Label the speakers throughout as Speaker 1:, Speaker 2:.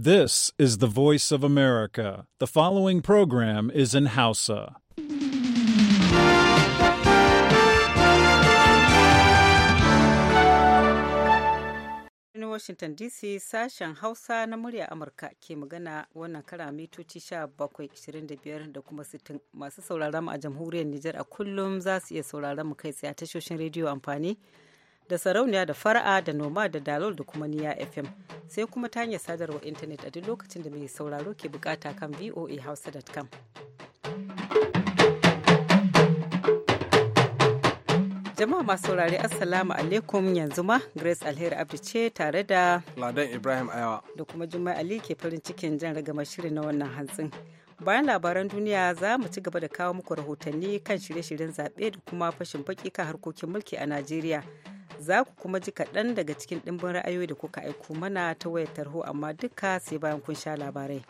Speaker 1: This is the voice of America. The following program is in Hausa. In Washington DC sashen Hausa na murya Amurka ke magana wannan kara mitoci 1725 da kuma 60 masu sauraron a jamhuriyar Nijar a kullum za su iya sauraron mu kai tsaye tashoshin rediyo amfani. da sarauniya da fara'a da noma da dalol da kuma niya fm sai kuma ta hanyar sadarwar intanet a duk lokacin da mai sauraro ke bukata kan voahausa.com jama'a masu saurari assalamu alaikum yanzu ma grace alheri abdu ce tare da ladan ibrahim ayawa da kuma juma'a ali ke farin cikin jan ragamar shirin na wannan hantsin bayan labaran duniya za mu ci gaba da kawo muku rahotanni kan shirye-shiryen zaɓe da kuma fashin baki kan harkokin mulki a najeriya za ku kuma ji kaɗan daga cikin ɗimbin ra'ayoyi da kuka aiko mana ta wayar tarho amma duka sai bayan kun sha labarai.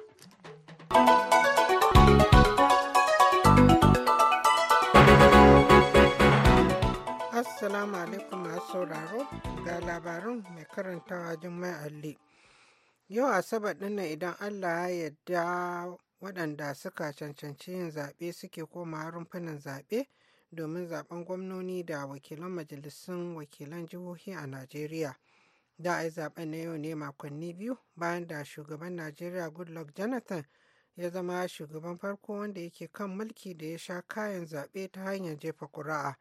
Speaker 2: Assalamu alaikum masu sauraro ga labarin mai karantawa Jummai Alli. Yau Asabar ɗinnan idan Allah ya yarda waɗanda suka cancanci yin zaɓe suke koma rumfunan zaɓe domin zaben gwamnoni da wakilan majalisun wakilan jihohi a Najeriya. Da a yi zaben na yau ne makonni biyu bayan da shugaban Najeriya Goodluck Jonathan ya zama shugaban farko wanda yake kan mulki da ya sha kayan zaɓe ta hanyar jefa ƙuri'a.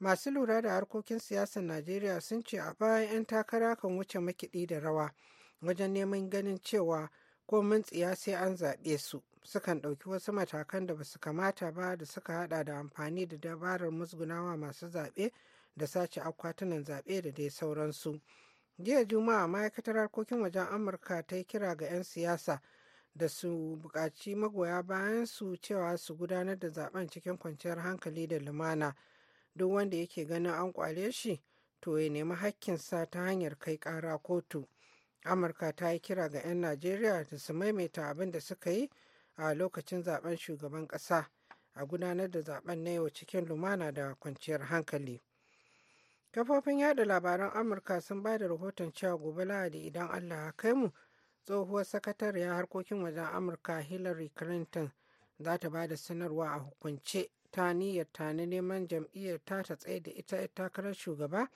Speaker 2: Masu lura da harkokin siyasar Najeriya sun ce a bayan 'yan takara kan wuce makiɗi da rawa wajen neman ganin cewa ko mun tsiya sai an zaɓe su. sukan ɗauki wasu matakan da basu kamata ba da suka hada da amfani da dabarar musgunawa masu zaɓe da sace akwatunan zaɓe da dai sauransu. Jiya Juma'a ma'aikatar harkokin wajen Amurka ta yi kira ga 'yan siyasa da su buƙaci magoya bayan su cewa su gudanar da zaben cikin kwanciyar hankali da lumana. Duk wanda yake ganin an kwale shi to ya nemi hakkinsa ta hanyar kai ƙara kotu. Amurka ta yi kira ga 'yan Najeriya da su maimaita abin da suka yi a lokacin zaben shugaban kasa, a gudanar da zaben na yau cikin lumana da kwanciyar hankali. Kafofin yada labaran Amurka sun ba da rahoton cewa gobe Lahadi idan Allah ya kai mu tsohuwar sakatariyar harkokin wajen Amurka Hillary Clinton za ta ba da sanarwa a hukunce ta niyyar ta na neman jam'iyyar ta ta tsaye da ita takarar shugaba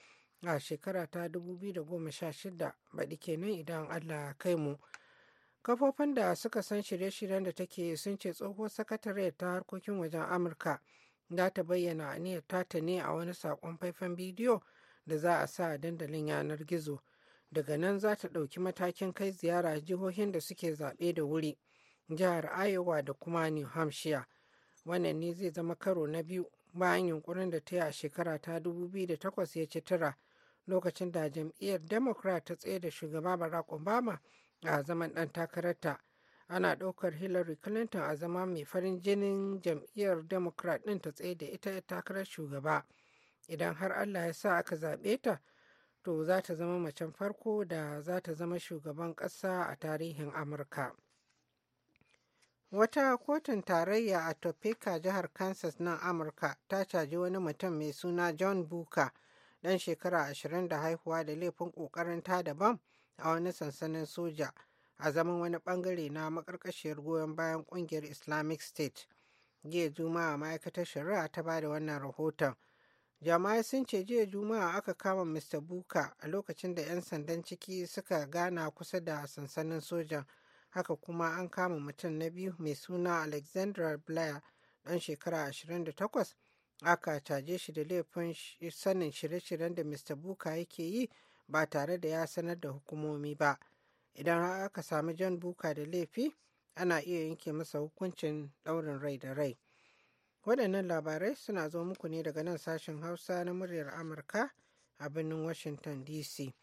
Speaker 2: a shekara ta 2016 baɗi kenan idan Allah ya kai mu. kafofin da suka san shirye-shiryen da take sun ce tsohuwar sakatare ta harkokin wajen amurka za ta bayyana aniyar ta ne a wani saƙon faifan bidiyo da za a sa a dandalin yanar gizo daga nan za ta ɗauki matakin kai ziyara jihohin da suke zaɓe da wuri jihar iowa da kuma new hampshire wannan ne zai zama karo na biyu bayan yunkurin da ta yi a shekara ta 2008 ya ci tara lokacin da jam'iyyar democrat ta tsaye da shugaba barack obama a zaman takarar takararta ana ɗaukar hillary clinton a zama mai farin jinin jam'iyyar democrat ɗin ta tsaye da ita takarar shugaba idan har allah ya sa aka zaɓe ta to za ta zama macen farko da za ta zama shugaban ƙasa a tarihin amurka wata kotun tarayya a topeka jihar kansas nan amurka ta caji wani mutum mai suna john buka dan shekara ashirin da haihuwa da laifin ƙoƙarin ta da a wani sansanin soja a zaman wani bangare na makarkashiyar goyon bayan kungiyar islamic state jiya juma'a ma'aikatar shari'a ta bada wannan rahoton jama'a sun ce jiya juma'a aka kama mr buka a lokacin da 'yan sandan ciki suka gana kusa da sansanin sojan haka kuma an kama mutum na biyu mai suna alexandra blair dan shekara 28 aka caje shi da laifin sanin shirye-shiryen da mr buka yake yi ba tare da ya sanar da hukumomi ba idan har aka sami jan buka da laifi ana iya yanke masa hukuncin daurin rai da rai waɗannan labarai suna zo muku ne daga nan sashen hausa na muryar amurka a birnin washington dc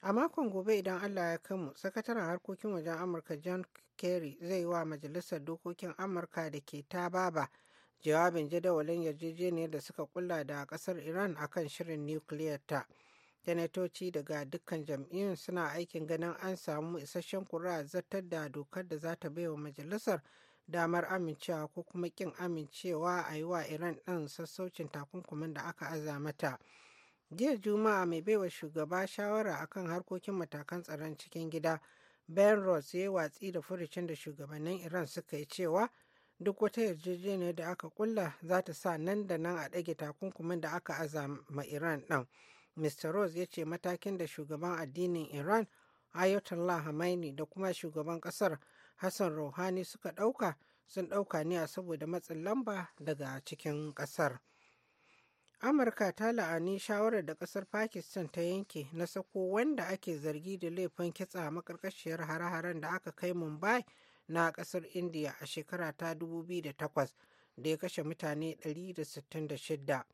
Speaker 2: a makon gobe idan allah ya kamu sakataren harkokin wajen amurka john kerry zai yi wa majalisar dokokin amurka da ke ta baba jawabin jadawalin yarjejeniyar da suka kula da kasar iran akan shirin nukiliyar ta sanatoci daga dukkan jam'iyyun suna aikin ganin an samu isasshen kura zartar da dokar da za ta wa majalisar damar amincewa ko kuma kin amincewa a yi wa iran ɗin sassaucin takunkumin da aka aza mata jiya juma'a mai baiwa shugaba shawara akan harkokin matakan tsaron cikin gida ben ross ya yi watsi da furucin da shugabannin iran suka yi cewa duk wata yarjejeniyar da aka kulla za ta sa nan da nan a ɗage takunkumin da aka aza ma iran ɗin. mr rose ya ce matakin da shugaban addinin iran ayatollah hamaini da kuma shugaban kasar hassan rouhani suka ɗauka sun ɗauka ne a saboda matsin lamba daga cikin kasar amurka ta la'ani shawarar da kasar pakistan ta yanke na sako wanda ake zargi da laifin kitsa makarkashiyar hare-haren da aka kai mumbai na kasar india a shekara ta 2008 da ya kashe mutane 166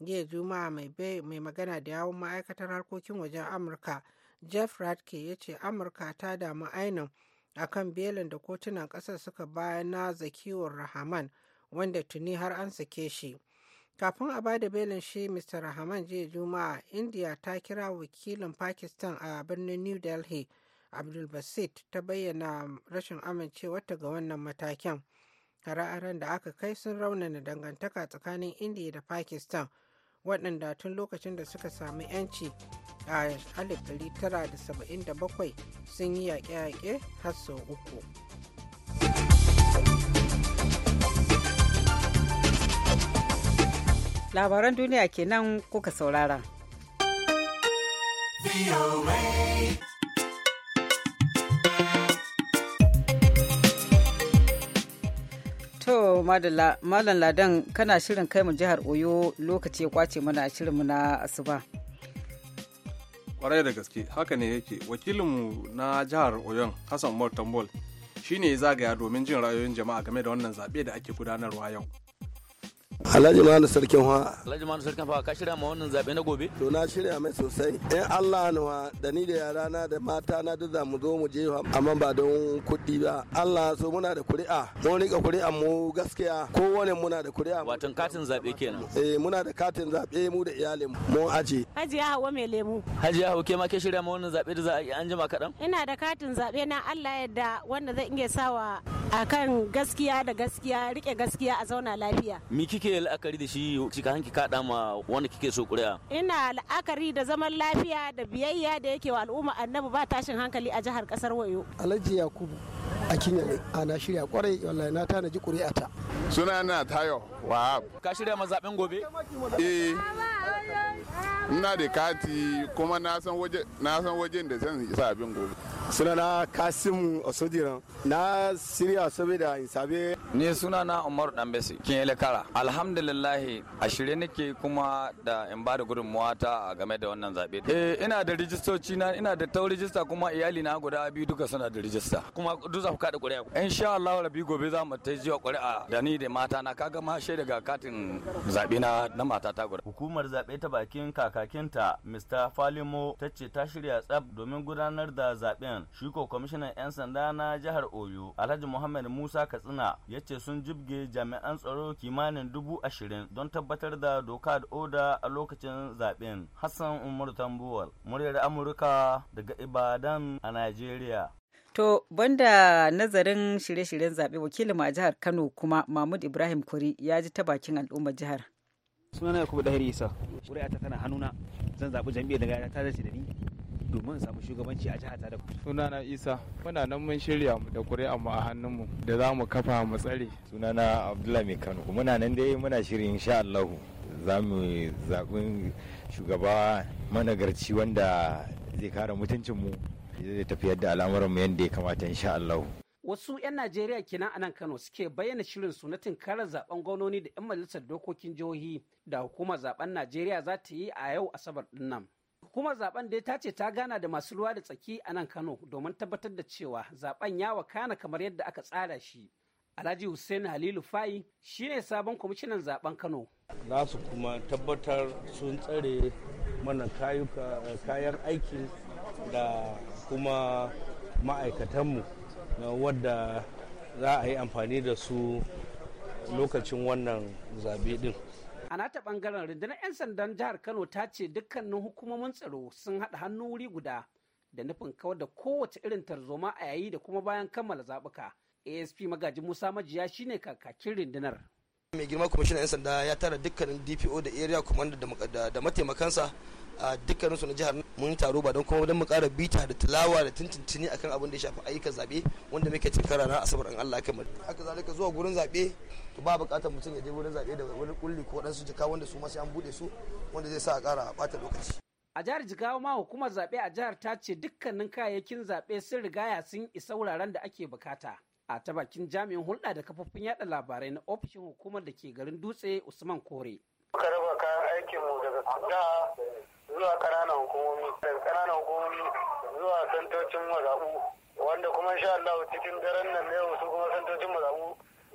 Speaker 2: jiya juma'a mai magana da yawon ma'aikatar harkokin wajen amurka jeff ratke ya ce amurka ta damu ainin kan belin da kotunan kasar suka bayan na zakiwar rahaman wanda tuni har an sake shi kafin a bada belin shi mr rahaman jiya juma'a india ta kira wakilin pakistan a birnin new delhi abdulbasit ta bayyana rashin amincewarta ga wannan matakin hare da aka kai sun raunana dangantaka tsakanin india da pakistan waɗanda tun lokacin da suka sami 'yanci a 1977 sun yi yaƙe-yaƙe har sau uku.
Speaker 1: Labaran duniya kenan kuka saurara. malam ladan kana shirin kai mu jihar oyo lokaci ya kwace mana a shirinmu na asuba
Speaker 3: kwarai da gaske haka ne yake wakilinmu na jihar oyon hassan umar tambol shine ya zagaya
Speaker 4: domin jin ra'ayoyin jama'a game da wannan zaɓe da ake gudanarwa yau Alhaji Mahalu Sarkin Hawa. Alhaji Mahalu Sarkin Hawa ka shirya ma wannan zaɓe na gobe? To na shirya mai sosai. In Allah nuwa da ni da yara na da mata na duk za mu zo mu je amma ba don kuɗi ba. Allah so muna da kuri'a. Mun rika kuri'a mu gaskiya Ko wani muna da kuri'a. Watan katin zaɓe kenan. Eh muna da katin zaɓe mu da iyalin mu aje.
Speaker 1: Hajiya Hauwa mai lemu.
Speaker 4: Hajiya hawa ke ma ke shirya ma wannan zaɓe da za a yi an jima kaɗan?
Speaker 1: Ina da katin zaɓe na Allah yadda wanda zai iya sawa akan gaskiya da gaskiya rike gaskiya a zauna lafiya.
Speaker 4: Mi kike kike la'akari da shi
Speaker 5: kika hanki kaɗa ma wanda kike so ƙuri'a?
Speaker 1: Ina la'akari da zaman lafiya da biyayya da yake wa al'umma annabi ba tashin hankali a jihar ƙasar Wayo. Alhaji Yakubu
Speaker 4: a kinya
Speaker 3: a na shirya kwarai wallahi na tanaji ƙuri'ata.
Speaker 4: Suna na Tayo Wahab. Ka shirya mazaɓen gobe? Eh. ina da kati kuma na san wajen da zan isa abin gobe
Speaker 6: sunana kasim osodiran na siriya da in sabe ne sunana umaru dambesi kin kara alhamdulillah a shirye nake kuma da in ba da gudunmuwa ta a game da wannan zabe eh ina da rijistoci na ina da tau rijista kuma iyali na guda biyu duka suna da rijista kuma duk za ku kada ƙuri'a insha Allah rabi gobe za mu ta jiwa ƙuri'a da ni da mata na kaga ma shaida ga katin zabe na
Speaker 7: na mata ta guda hukumar zabe ita bakin kakakinta Mr. Falimo ta ce ta shirya tsab domin gudanar da zaben. Shiko kwamishinan 'yan sanda na jihar Oyo Alhaji Muhammad Musa Katsina ya ce sun jibge jami'an tsaro kimanin dubu ashirin don tabbatar da doka da oda a lokacin zaben. Hassan Umaru Tambuwal, muryar Amurka daga Ibadan a Najeriya.
Speaker 1: To, banda nazarin shirye-shiryen zaɓe wakilin a jihar Kano kuma Mahmud Ibrahim Kuri ya ji ta bakin al'ummar jihar. sunana yakubu dahiri isa ƙuri'ata tana hannuna zan zaɓi jam'iyyar daga ta dace da ni
Speaker 4: domin samu shugabanci a jihar ta da sunana isa muna nan mun shirya mu da ƙuri'an mu a hannunmu
Speaker 6: da za mu kafa mu tsare sunana abdullahi mai kano muna nan dai muna shirin insha allahu za mu zaɓi shugaba managarci wanda zai kare mutuncinmu zai tafi da al'amuranmu yadda ya kamata insha allahu
Speaker 8: wasu 'yan najeriya kenan a nan kano suke bayyana shirin sunatin karar zaɓen zaben gwamnoni da 'yan majalisar dokokin jihohi da hukumar zaben Najeriya za ta yi a yau Asabar din nan. Hukumar zaben dai ta ce ta gana da masu ruwa da tsaki a nan Kano domin tabbatar da cewa zaben ya wakana kamar yadda aka tsara shi. Alhaji Hussein Halilu Fayi shine sabon kwamishinan zaben Kano. Za
Speaker 4: su kuma tabbatar sun tsare mana kayan aiki da kuma ma'aikatanmu wadda za a yi amfani da su lokacin wannan zabe din.
Speaker 8: A nata bangaren rundunar 'yan sandan jihar Kano ta ce dukkanin hukumomin tsaro sun haɗa hannu wuri guda da nufin kawar da kowace irin tarzoma a yayi da kuma bayan kammala zabuka ASP magaji Musa Majiya shine kakakin rundunar.
Speaker 6: Mai girma kwamishinan 'yan sanda ya tara dukkanin DPO da area commander da mataimakansa a dukkanin su na jihar mun taro ba don kuma don mu kara bita da tilawa da tuntuntuni akan abin da ya shafi ayyukan zaɓe wanda muke cika ranar asabar an Allah kamar haka zalika zuwa gurin zaɓe to ba buƙatar mutum ya je gurin zaɓe da wani kulli ko waɗansu jika wanda su ma sai an buɗe su wanda zai sa a ƙara ɓata lokaci
Speaker 8: a jihar jigawa ma hukumar zabe a jihar ta ce dukkanin kayayyakin zabe sun rigaya sun isa wuraren da ake bukata a ta bakin jami'in hulɗa da kafofin yada labarai na ofishin hukumar da ke garin dutse usman kore
Speaker 5: muka raba kayan aikinmu daga zuwa ƙananan hukumomi daga ƙananan hukumomi zuwa santocin mazaɓu wanda kuma insha Allah cikin daren nan yau su
Speaker 4: kuma santocin mazaɓu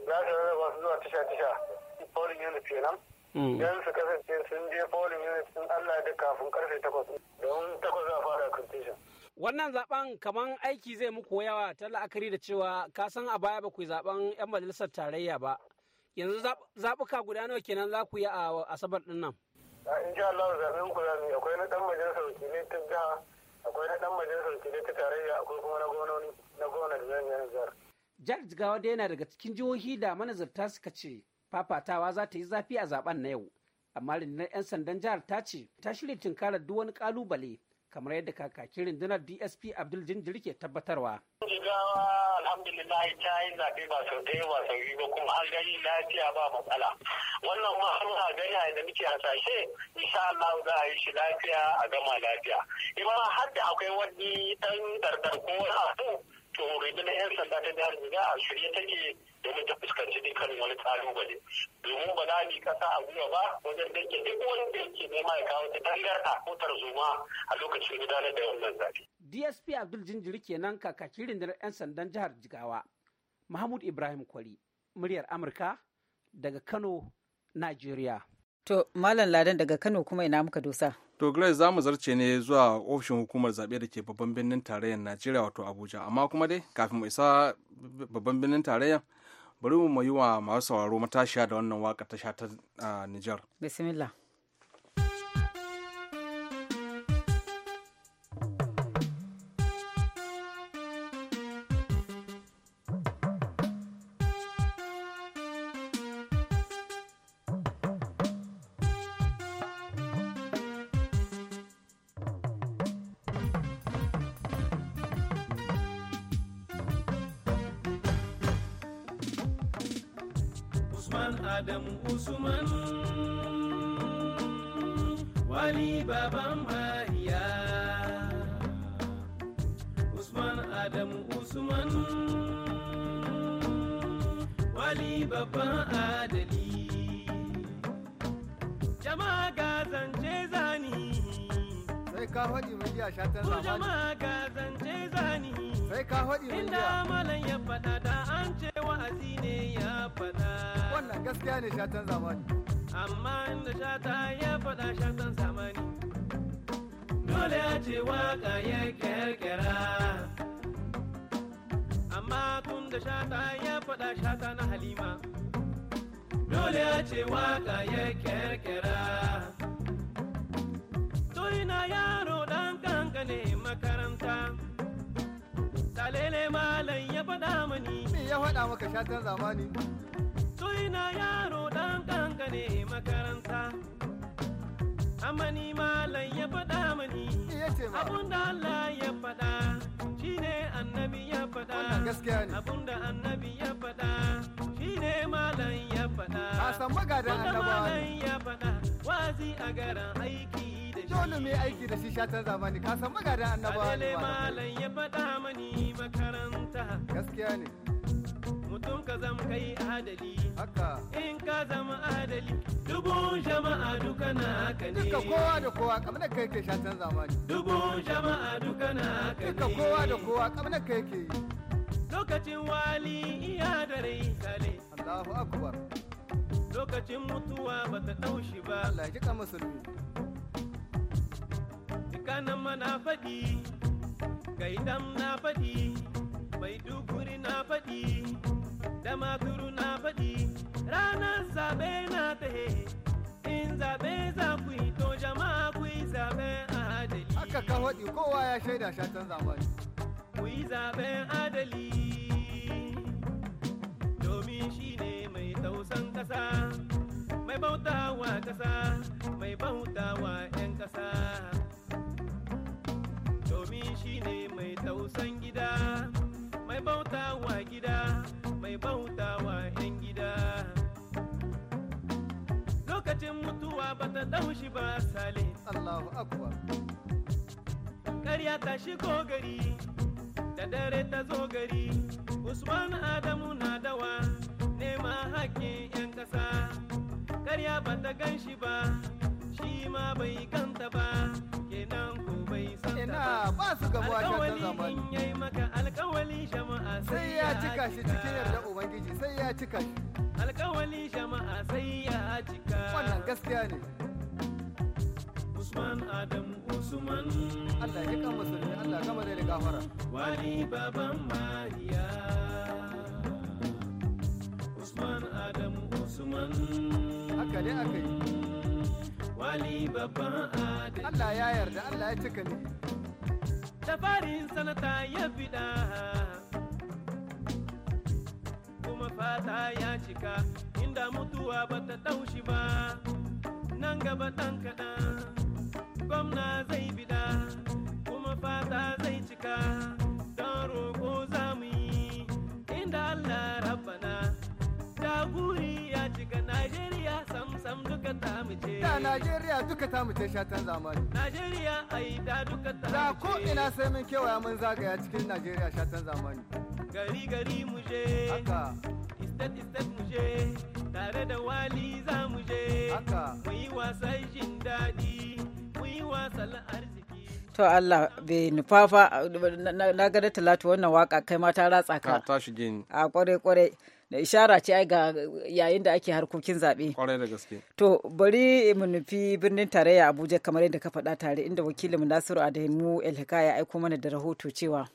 Speaker 4: za su rarraba su zuwa tisha-tisha polling unit kenan hmm. don su kasance sun je polling unit sun Allah da
Speaker 5: kafin karfe takwas don takwas za a fara competition.
Speaker 8: wannan zaben kamar aiki zai muku yawa ta la'akari da cewa ka san a baya ba ku zaben yan majalisar tarayya ba yanzu zabuka guda nawa kenan za ku yi a asabar ɗin nan.
Speaker 5: in ji Allah zaɓen ku za akwai na ɗan majalisar wakilai ta jiha akwai na ɗan majalisar wakilai ta tarayya akwai kuma na gwamnoni gwamnati zan yi nazar.
Speaker 8: Jihar Jigawa dai yana daga cikin jihohi da manazarta suka ce fafatawa za ta yi zafi a zaben na yau. Amma rundunar 'yan sandan jihar ta ce ta shirya tunkarar duk wani kalubale kamar yadda kakakin rundunar DSP Abdul Jinjiri ke tabbatarwa.
Speaker 4: Jigawa alhamdulillah ta yi zaɓe
Speaker 5: ba sau ɗaya ba sau biyu ba kuma har gani lafiya ba matsala. Wannan ma har ma gani da muke hasashe insha Allah za a yi shi lafiya a gama lafiya. Ima har da akwai wani ɗan ɗarɗar ko wani abu to na 'yan sanda ta jihar Niga a shirye take domin ta fuskanci dukkan wani kalubale domin ba za mu kasa a gwiwa ba wajen dake duk wanda yake nema ya kawo ta a kotar tarzoma a lokacin gudanar da wannan zaɓe.
Speaker 8: DSP Abdul Jinjiri kenan kakakin rundunar 'yan sandan jihar Jigawa. Mahmud Ibrahim Kwari, muryar Amurka daga Kano, Najeriya.
Speaker 1: To, Malam Ladan daga Kano kuma ina muka dosa.
Speaker 3: to grace za mu zarce ne zuwa ofishin hukumar zaɓe da ke babban birnin tarayyar najeriya wato abuja amma kuma dai kafin mu isa babban birnin tarayyar bari mu yi wa masu sauraro matashiya da wannan waka ta tasha ta ah, nijar
Speaker 1: bismillah
Speaker 4: Usman Adamu Usman Wali Baban Mariya Usman Adamu Usman Wali Babban Adali Jama'a ga zance zani Sai ka faɗi mai iya shatan zamani Jama'a ga zance zani Sai ka faɗi mai iya Inda malam ya faɗa da an ce wa'azi ne ya faɗa gaskiya ne shatan zamani amma inda shata ya faɗa shatan zamani dole ya ce waka ya kirkira amma tun da shata ya faɗa shata na halima dole ya ce waka ya kirkira Tuna na yaro ɗan kankane makaranta talele malam ya faɗa mani me ya faɗa maka shatan zamani ina yaro dan kanka ne makaranta amma ni malam ya faɗa mani abunda Allah ya faɗa shine annabi ya faɗa abunda annabi ya faɗa shine malam ya faɗa wanda malam ya faɗa wazi a garan aiki da shi dole mai aiki da shi shatan zamani ka san magadan annabawa ne malam ya faɗa mani makaranta gaskiya ne mutum ka zama kai adali haka in ka zama adali dubun jama'a duka na haka ne duka kowa da kowa kamar kai ke shatan zamani dubun jama'a duka na haka ne duka kowa da kowa kamar kai ke lokacin wali iya da rai kale Allahu akbar lokacin mutuwa bata daushi ba Allah ya jika musulmi kanan mana faɗi gaidan na faɗi mai duguri na faɗi da na faɗi ranar zaɓe na tahe in zaɓe za ku yi to jama'a ku yi zaɓen adali haka ka faɗi kowa ya shaida shatan zamani ku yi zaɓen adali domin shi ne mai tausan ƙasa mai bautawa ƙasa mai bautawa 'yan ƙasa ya tashi ko gari da dare ta zo gari usman adamu na dawa nema hakkin 'yan ƙasa karya ba ta gan shi ba shi ma bai ganta ba kenan ko bai san ina ba su in yayi maka alƙawali jama'a sai ya cika shi cikin yarda ubangiji sai ya cika shi alƙawali jama'a sai ya cika wannan gaskiya ne Usman Adam Usman. Allah ya kama da Allah kama zai da gafara. Wali baban Mariya. Usman Adam Usman. Haka dai aka yi. Wali baban Adam. Allah ya yarda Allah ya cika ne. Da farin sanata ya fida. Kuma fata ya cika inda mutuwa bata daushi ba. Nan gaba ɗan kaɗan. gwamna zai bida kuma fata zai cika don roƙo za mu yi inda Allah rabbana jaguri ya cika Najeriya sam sam duka ta mace. ce. Da Najeriya
Speaker 3: duka ta mace shatan zamani.
Speaker 4: Najeriya ai da duka ta mace. ce. Da ko ina
Speaker 3: sai mun kewaya mun zagaya cikin Najeriya shatan zamani.
Speaker 4: Gari gari mu je. Haka. Istat istat mu je. Tare da wali za mu je. Haka. Mu yi wasan jin daɗi.
Speaker 1: To Allah bai fa na gada talatu wannan waka kai ma ta ratsa ka. Ta shi gini. A kwarai kwarai. Da ishara ce ai ga yayin da ake harkokin zaɓe. Kwarai da gaske. To bari mu nufi birnin tarayya Abuja kamar yadda ka faɗa tare inda wakilin Nasiru Adamu elhika ya aiko mana da rahoto cewa.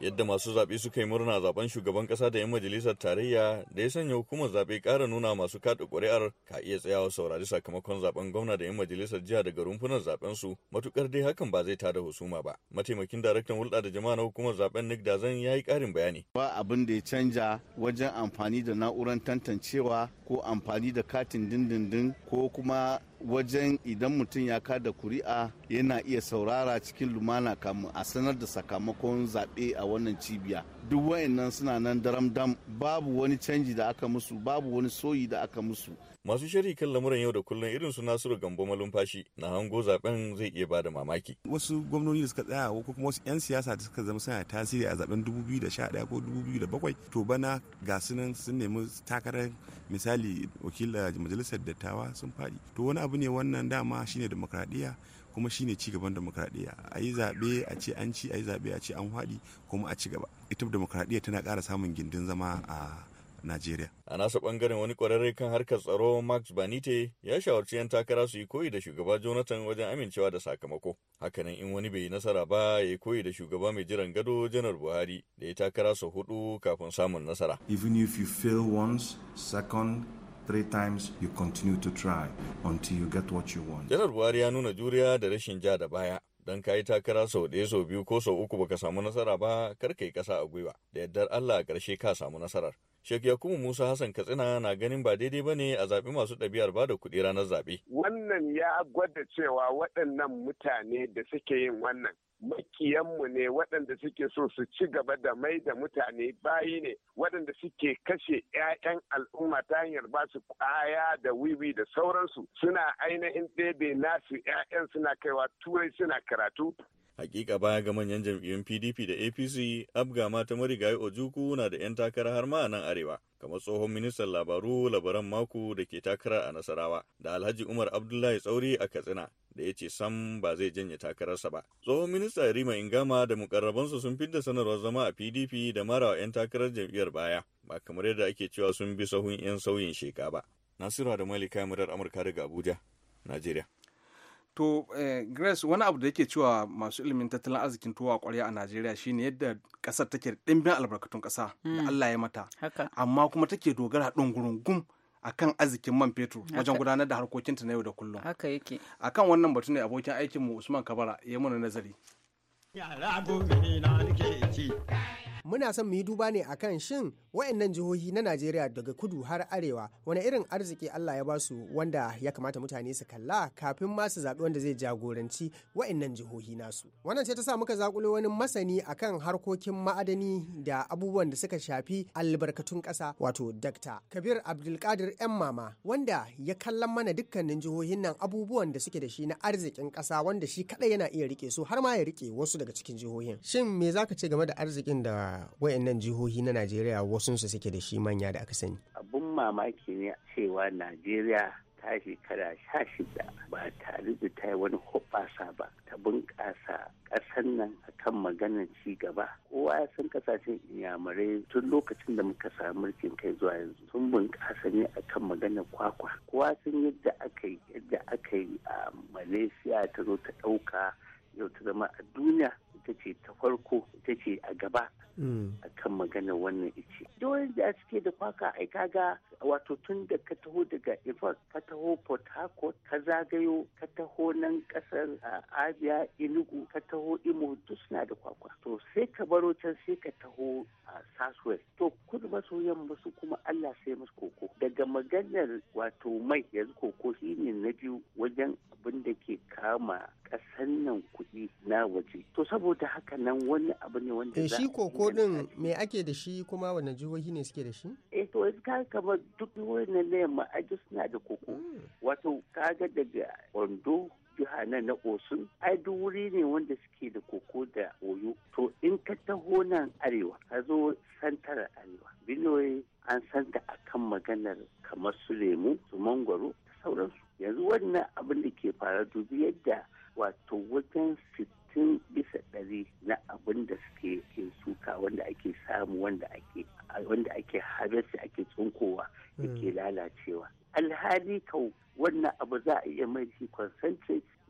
Speaker 7: yadda masu zaɓe suka yi murna zaben shugaban ƙasa da 'yan majalisar tarayya da ya sanya hukumar zaɓe ƙara nuna masu kaɗa ƙuri'ar ka iya tsayawa saurari sakamakon zaɓen gwamna da 'yan majalisar jiha daga rumfunan zaben su matukar dai hakan ba zai tada husuma ba mataimakin daraktan hulɗa da jama'a na hukumar zaben Nick Dazan ya yi ƙarin bayani ba abin da ya canja wajen amfani da na'urar tantancewa ko amfani da katin dindindin ko kuma wajen idan mutum ya kada kuri'a yana iya saurara cikin lumana kamu a sanar da sakamakon zaɓe a wannan cibiya duk wayannan suna nan daram dam babu wani canji da aka musu babu wani soyi da aka musu masu shiri kan lamuran yau da kullum irin su nasiru gambo malumfashi na hango zaben zai iya bada mamaki
Speaker 6: wasu gwamnoni da suka tsaya ko kuma wasu 'yan siyasa da suka zama suna tasiri a zaben 2011 ko 2007 to bana ga sunan nan sun nemi takarar misali wakila majalisar dattawa sun faɗi to wani abu ne wannan dama shine demokradiyya kuma shine ci gaban demokradiyya a yi zaɓe a ce an ci a yi zaɓe a ce an fadi kuma a ci gaba ita demokradiyya tana ƙara samun gindin zama a Najeriya.
Speaker 7: A nasa bangaren wani kwararre kan harkar tsaro Max Banite ya shawarci 'yan takara su yi koyi da shugaba Jonathan wajen amincewa da sakamako. Hakanan in wani bai yi nasara ba ya yi koyi da shugaba mai jiran gado Janar Buhari da ya takara su hudu kafin samun nasara. Even if you fail once, second, three times you continue to try until you get what you want. Janar Buhari ya nuna juriya da rashin ja da baya ka yi takara sau ɗaya sau biyu ko sau uku baka samu nasara ba kar ka yi ƙasa a gwiwa da yardar Allah a ƙarshe ka samu nasarar Sheikh Yakubu Musa Hassan Katsina na ganin ba daidai ba ne a zaɓi masu ɗabi'ar ba da kuɗi ranar zaɓe.
Speaker 6: Wannan ya gwada cewa waɗannan mutane da suke yin wannan makiyanmu ne waɗanda suke so su ci gaba da mai da mutane bayi ne waɗanda suke kashe 'ya'yan al'umma ta hanyar ba su kwaya da wiwi da sauransu suna ainihin ɗebe nasu 'ya'yan suna kaiwa turai suna
Speaker 7: karatu Hakika baya ga manyan jam'iyyun PDP da APC, Abga mata marigayi Ojuku na da 'yan takara har ma nan arewa, kamar tsohon ministan labaru labaran mako da ke takara a Nasarawa, da Alhaji Umar Abdullahi Tsauri a Katsina, da ya ce sam ba zai janye takararsa ba. Tsohon minista Rima Ingama da mukarrabansa sun fidda sanarwar zama a PDP da marawa 'yan takarar jam'iyyar baya, ba kamar yadda ake cewa sun bi sahun 'yan sauyin sheka ba. Nasiru da Malika Murar Amurka daga Abuja, Najeriya. to eh, grace wani abu da
Speaker 3: yake cewa masu ilimin tattalin arzikin tuwa kwarya a najeriya shine yadda kasar take ɗimbin albarkatun ƙasa da hmm. allah ya mata amma kuma take dogara ɗungurungum a kan arzikin man fetur wajen gudanar da harkokinta na yau da kullum a kan wannan batu ne abokin aikinmu usman kabara ya muna nazari muna son mu yi duba ne akan shin wayannan jihohi na Najeriya daga kudu har arewa wani irin arziki Allah ya basu wanda ya kamata mutane su kalla kafin ma su zaɓi wanda zai jagoranci wayannan jihohi nasu wannan ce ta sa muka zakulo wani masani akan harkokin ma'adani da abubuwan da suka shafi albarkatun ƙasa wato Dr. Kabir Abdulkadir yan mama wanda ya kallon mana dukkanin jihohin nan abubuwan da suke da shi na arzikin ƙasa wanda shi kaɗai yana iya rike su har ma ya rike wasu daga cikin jihohin shin me zaka ce game da arzikin da da wayannan jihohi na najeriya su suke da shi manya da aka sani
Speaker 5: abun mamaki ne cewa najeriya ta shekara sha shida ba tare da ta yi wani hoɓasa ba ta bunƙasa ƙasar nan a kan maganar ci gaba kowa ya san kasashen inyamurai tun lokacin da muka samu mulkin kai zuwa yanzu sun bunƙasa ne a kan maganar kwakwa kowa sun yadda aka yi yadda aka yi a malaysia ta zo ta ɗauka yau ta zama a duniya ita ce ta farko ita ce a gaba mm. a kan magana wannan ice. dole da cike da kwaka a kaga wato tun da ka taho daga ifa ka taho Port Harcourt, ka zagayo, ka taho nan kasar Abia, Enugu, ka taho Imo duk suna da kwakwa. To sai ka baro can sai ka taho Southwest. To kudu maso yamma su kuma Allah sai musu koko. Daga maganar wato mai yanzu koko shine na biyu wajen abin da ke kama saboda haka nan wani abu ne wanda eh, shi koko
Speaker 3: din me ake da shi kuma wani jihohi ne suke da shi
Speaker 5: eh to ka kamar duk wannan ne ma aji suna da koko hmm. wato kaga daga Ondo jiha na na osun ai duk wuri ne wanda suke da koko da oyo to in ka taho nan arewa ka zo santar arewa binoye an santa kan maganar kamar su lemu su mangwaro da sauransu yanzu wannan abin da ke fara dubi yadda wato wajen sittin bisa ɗari na abin da suke yin suka wanda ake samu wanda ake wanda ake ake tsunkowa hmm. yake lalacewa alhali kau wannan abu za a iya mai shi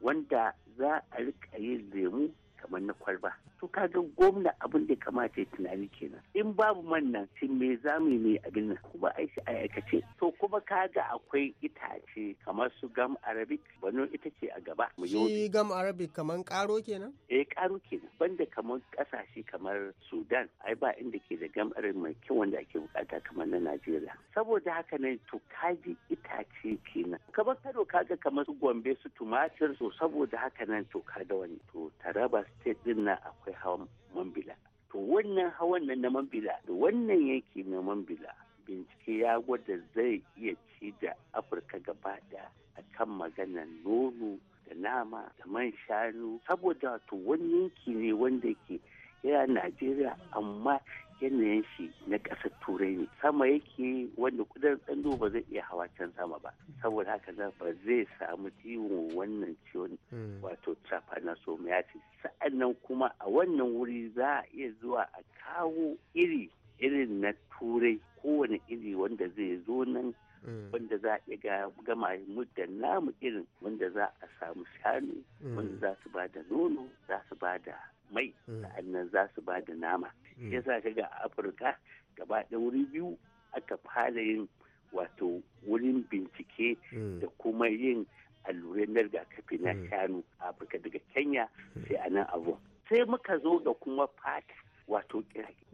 Speaker 5: wanda za a rika yin lemu kamar na kwalba to kaga gwamna abin da kamata ya tunani kenan in babu man nan shin me za mu yi abin nan kuma ai shi aikace to kuma kaga akwai itace kamar su gam arabic wannan ita ce a gaba shi gam arabic kamar
Speaker 3: karo kenan
Speaker 5: eh karo kenan banda kamar kasashe kamar sudan ai ba inda ke da gam arabic mai kyau wanda ake bukata kamar na najeriya saboda haka ne to kaji itace kenan kamar kado kaga kamar su gombe su tumatir su saboda haka nan to wani to taraba state din nan akwai hawan mambila to wannan hawan nan na mambila da wannan yanki na mambila bincike ya gwada zai iya ci da afirka gaba da a kan maganar nono da nama da man shanu saboda to wani yanki ne wanda ke yana najeriya amma yanayin shi na ƙasar turai ne sama yake wanda kudan tsando ba zai iya hawa can sama ba saboda haka za ba zai samu ciwon wannan ciwon hmm. wato trypanosomiasis sa'annan kuma a wannan wuri za a iya zuwa a kawo iri irin na turai kowane iri wanda zai zo nan hmm. wanda za a iya gama da namu irin wanda za a samu shanu wanda hmm. za su ba da nono za su ba da mai mm. sa'annan za su ba da nama mm. yasa ka ga afirka gaba da wuri biyu aka fara yin wato wurin bincike mm. da kuma yin alluran na rigakafi na shanu a afirka daga kenya sai a nan abu sai muka zo da kuma fata wato kirage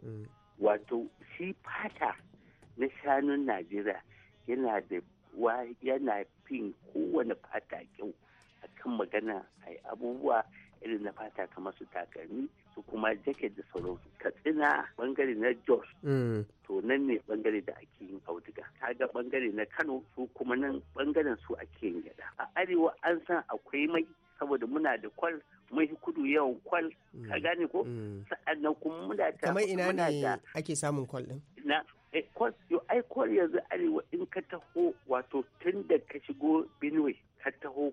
Speaker 5: wato shi fata na shanun najeriya yana da yana fin kowane fata kyau akan magana a abubuwa irin na fata kamar su takalmi su kuma jacket da ka katsina bangare na jos mm. to nan ne bangare da ake yin auduga kaga bangare na kano su kuma nan bangaren su ake yin gyada a arewa an san akwai mai saboda muna da kwal mai kudu yawan kwal mm. ka gane ko mm. sa'annan kuma muna
Speaker 3: ta kamar ina ne ake samun kwal din
Speaker 5: na eh, kwal yo ai kwal yanzu arewa in ka taho wato tun da ka shigo benue har taho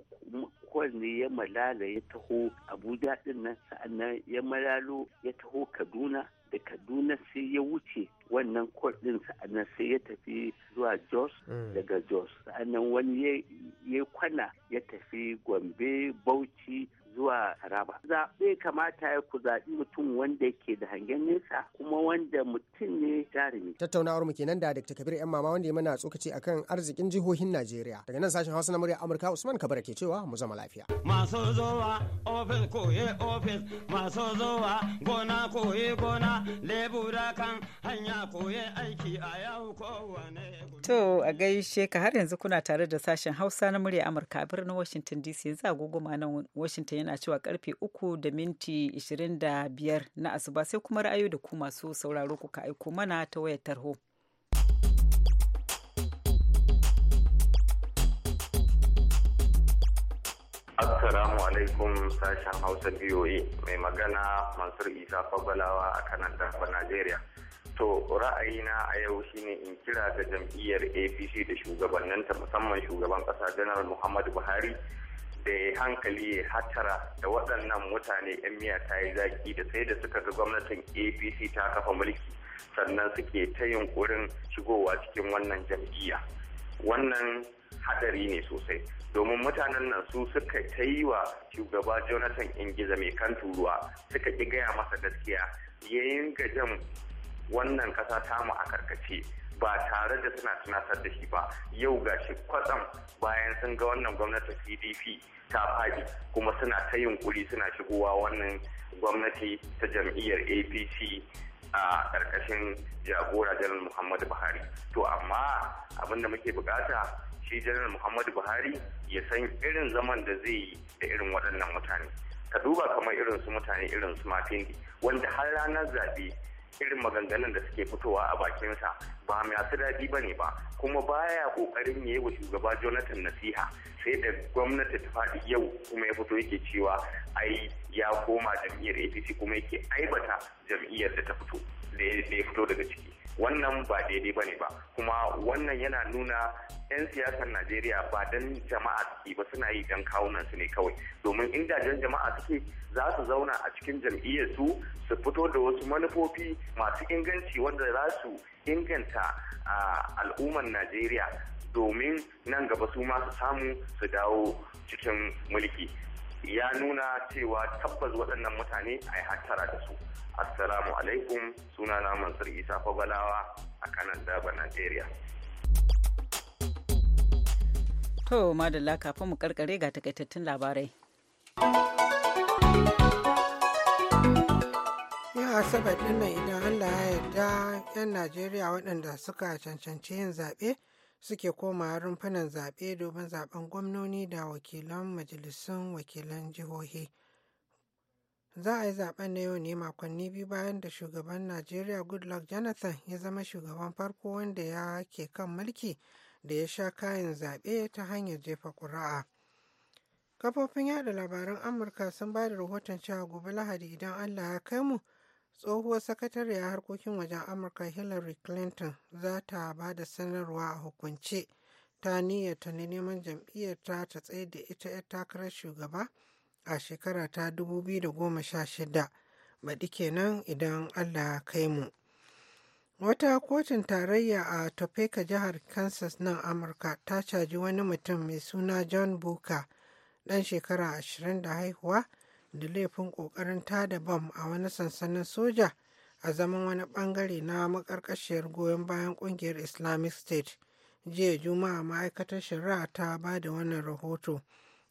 Speaker 5: ne ya malala ya taho abuja din nan sa'annan ya malalo ya taho kaduna da kaduna sai ya wuce wannan din sa'annan sai ya tafi zuwa jos mm. daga jos sa'annan wani ya kwana ya tafi gombe bauchi zuwa Taraba. Zaɓe kamata ya ku zaɓi mutum wanda ke da hangen nesa kuma wanda mutum ne jarumi.
Speaker 3: Tattaunawar mu kenan da Dr. Kabir yan mama wanda ya mana tsokaci akan arzikin jihohin Najeriya. Daga nan sashen Hausa na murya Amurka Usman Kabara ke cewa mu zama lafiya.
Speaker 4: Masu zowa ofis koye ofis masu zowa gona koye gona lebura kan hanya koye aiki a yau
Speaker 1: kowane. To a gaishe ka har yanzu kuna tare da sashen Hausa na murya Amurka a birnin Washington DC yanzu agogo nan Washington yana cewa karfe uku da minti 25 na asuba sai kuma ra'ayo da ku masu sauraro kuka aiko mana ta wayar tarho.
Speaker 6: Assalamu alaikum sashen Hausa BOA mai magana Mansur Isa Fabalawa a kanan dafa Najeriya. To ra'ayina a yau shine in kira da jam'iyyar APC da shugabanninta musamman shugaban ƙasa Janar Muhammadu Buhari da ya hankali ya hatara da waɗannan mutane 'yan miya ta yi zaki da sai da suka ga gwamnatin apc ta kafa mulki sannan suke ta yunkurin shigowa cikin wannan jam'iyya wannan hadari ne sosai domin mutanen nan su suka ta yi wa shugaba jonathan ingiza mai kan turuwa suka ƙi gaya masa gaskiya yayin gajen wannan kasa tamu a karkace ba tare da suna tunatar da shi ba yau ga shi kwatsam bayan sun ga wannan gwamnatin pdp ta fadi kuma suna ta yunkuri suna shigowa wannan gwamnati ta jam'iyyar apc a ƙarƙashin jagora janar muhammadu buhari to amma abin da muke bukata shi janar muhammadu buhari ya san irin zaman da zai yi da irin waɗannan mutane ka duba kamar irin su mutane irin su mafindi wanda har ranar zaɓe irin maganganun da suke fitowa a bakinsa ba masu daɗi ba ba kuma baya kokarin ya yi wa shugaba jonathan nasiha sai da gwamnati ta faɗi yau kuma ya fito yake cewa ai ya koma jam'iyyar apc kuma yake aibata jam'iyyar da ta fito da ya fito daga ciki wannan ba daidai ba ne ba kuma wannan yana nuna 'yan siyasar najeriya ba don jama'a suke ba suna yi don kawunan su ne kawai domin inda don jama'a suke za su zauna a cikin jam'iyyar su su fito da wasu manufofi masu inganci wanda za su inganta al'umman najeriya domin nan gaba su ma samu su dawo cikin mulki ya nuna cewa tabbas waɗannan mutane a yi hattara da su Assalamu alaikum suna na Mansur Isa Fabalawa a kanan Daba, Najeriya.
Speaker 1: To, madalla kafin mu karkare ga takaitattun labarai.
Speaker 2: Yau Asabar ɗin nan idan Allah ya yarda 'yan Najeriya waɗanda suka cancanci yin zaɓe suke koma rumfunan zaɓe domin zaɓen gwamnoni da wakilan majalisun wakilan jihohi. za a yi zaben na yau ne makonni biyu bayan da shugaban najeriya goodluck jonathan ya zama shugaban farko wanda ya ke kan mulki da ya sha kayan zaɓe ta hanyar jefa ƙuri'a kafofin yada labaran amurka sun ba da rahoton cewa gobe lahadi idan allah ya kai mu tsohuwar sakatariya harkokin wajen amurka hillary clinton za ta ba da sanarwa a hukunce ta niyyar ta neman jam'iyyar ta ta tsaye da ita 'yar takarar shugaba a shekara ta 2016 baɗi kenan idan Allah ya kai mu. Wata kotun tarayya a Topeka jihar Kansas nan Amurka ta caji wani mutum mai suna John Booker ɗan shekara 20 da haihuwa da laifin ƙoƙarin tada bam a wani sansanin soja a zaman wani ɓangare na maƙarƙashiyar goyon bayan ƙungiyar Islamic State. Jiya Juma'a ma'aikatar shari'a ta ba da wannan rahoto.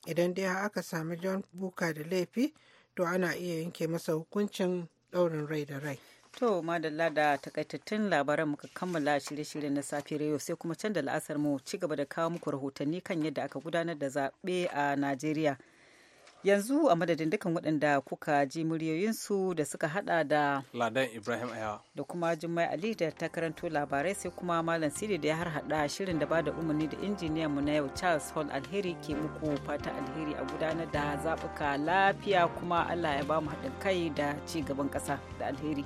Speaker 2: idan dai aka sami jan buka da laifi to ana iya yanke masa hukuncin daurin rai da rai
Speaker 1: To madalla da takaitattun labaran muka kammala shirye-shirye na safiyar yau sai kuma canza da la'asar mu ci gaba da kawo muku rahotanni kan yadda aka gudanar da zaɓe a Najeriya. yanzu a madadin dukkan waɗanda kuka ji muryoyinsu da suka hada da
Speaker 3: ladan ibrahim ayawa
Speaker 1: da kuma jummai ali da ta karanto labarai sai kuma malam siri da ya har harhaɗa shirin da ba da umarni da injiniyan mu na yau charles hall alheri ke muku fata alheri a gudanar da zaɓuka lafiya kuma allah ya ba mu haɗin kai da ci gaban ƙasa da alheri